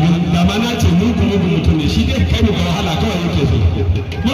ba ba ma na ce mugun mugun mutum ne shi dai kai mu ba wahala kawai yake so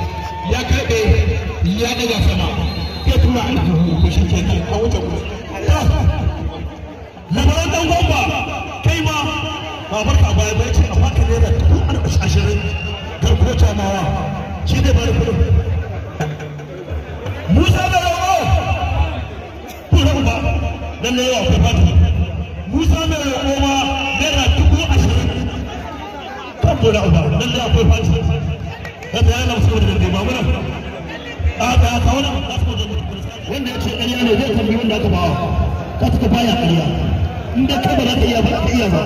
ya karɓe ya daga sama ya tura aljihu ko shi ke nan a wuce ku labaran dan gwamba kai ma a ka baya bai ce a baka naira dubu arba'in ashirin garkuwa jamawa shi ne bari kudu musa da rawa kuran ba dan ne yawa kai fata musa mai rawa naira dubu ashirin kan kuran ba dan ne akwai fata kada yana musu da dai ba mun a ga ka wani abu da wanda yace ƙarya ne zai tambayi wanda aka bawa ka tuka baya ƙarya in da ka ba za ka iya ba ka iya ba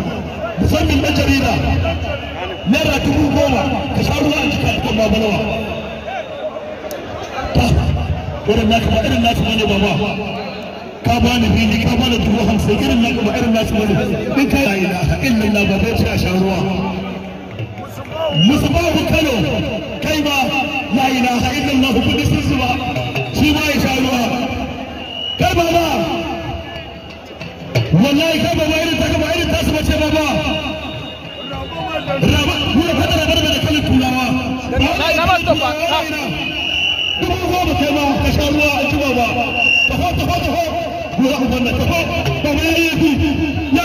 musamman ɗan jarida naira dubu goma ka sha ruwa a cikin alƙon babalawa irin naka ba irin naka bane ba ba ka bani fili ka bani dubu hamsin irin naka ba irin naka bane in ka yi ilaha na ba bai ci a sha ruwa musu babu kano kai ba la ilaha illallah kudin su ba shi ma ya sha ruwa kai ba ba wallahi kai ba ba irin ta ba irin ta su bace ba ba raba mu da fadar rabar da kalin turawa raba da ba dubu goma kai ma ka sha ruwa an ci ba ba taho taho taho gura ubanda taho ba mai yi ya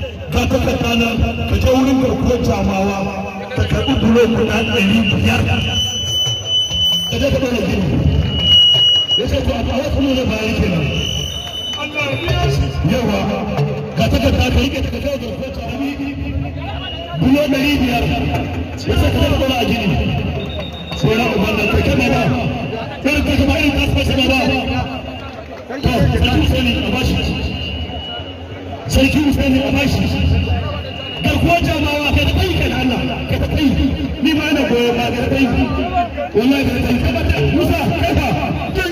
ka ta tsakana ka je wurin garkuwar jamawa ka karɓi bulo guda ɗari biyar ka je ka ɗora gini ya ce to abu a wasu nuna bayan kenan yawa ka ta tsakana ka rike ta kai garkuwar jamawa bulo ɗari biyar ya ce ka ɗora a gini sauran uban da kai kama ba ɗan kai kama irin kasuwa shi ba to ka tuso ne a bashi sarki Hussein ya bashi garkuwar jamawa ka da tsayi kan Allah ka da tsayi ni ma na goyon ka da wallahi ka da musa kai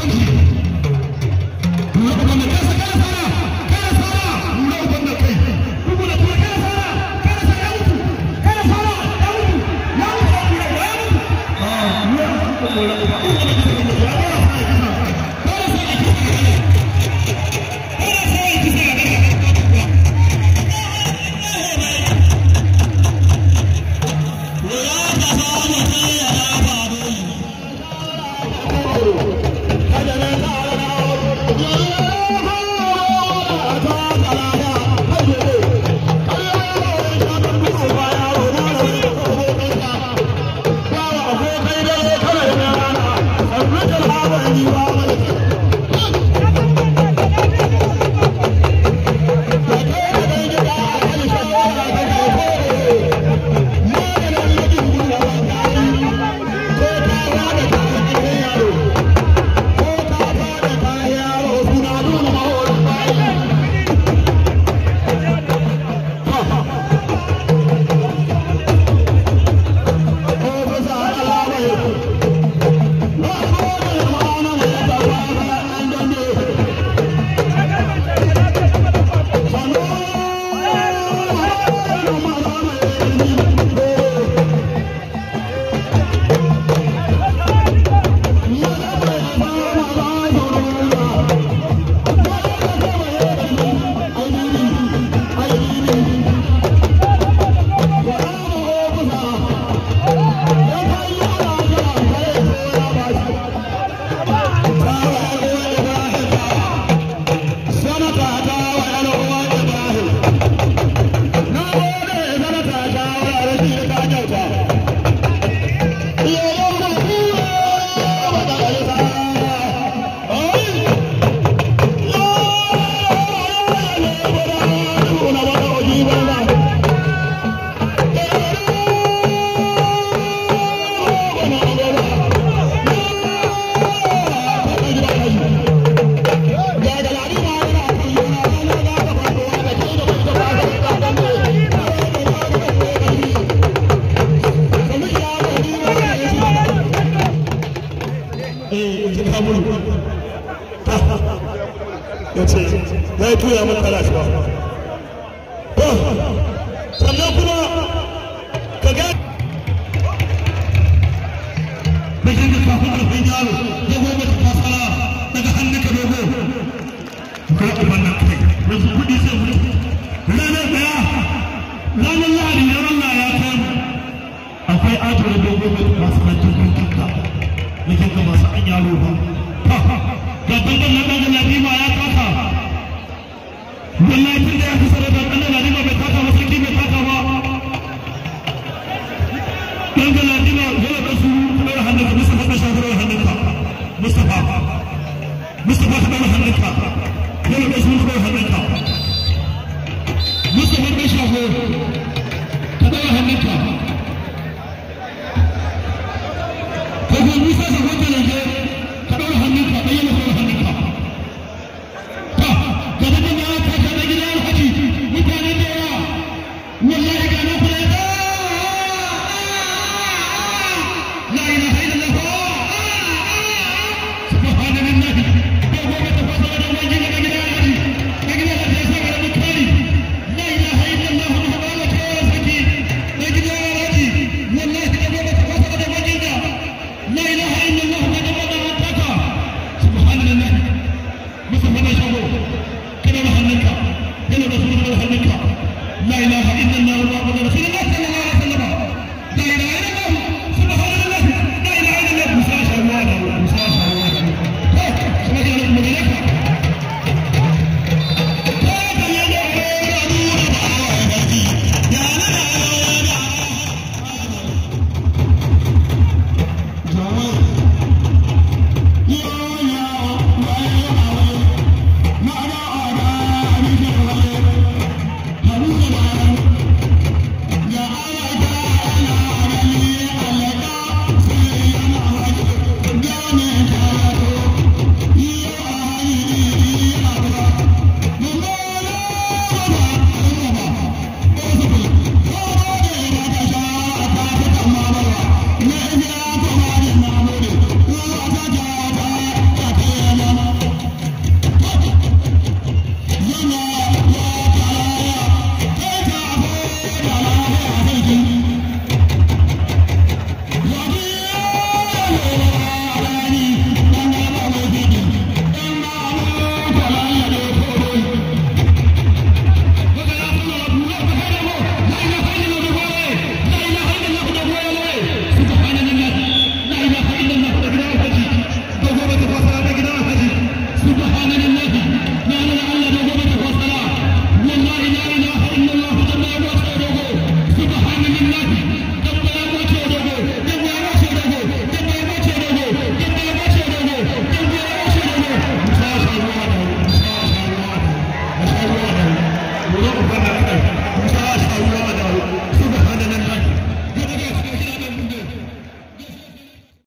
Thank you.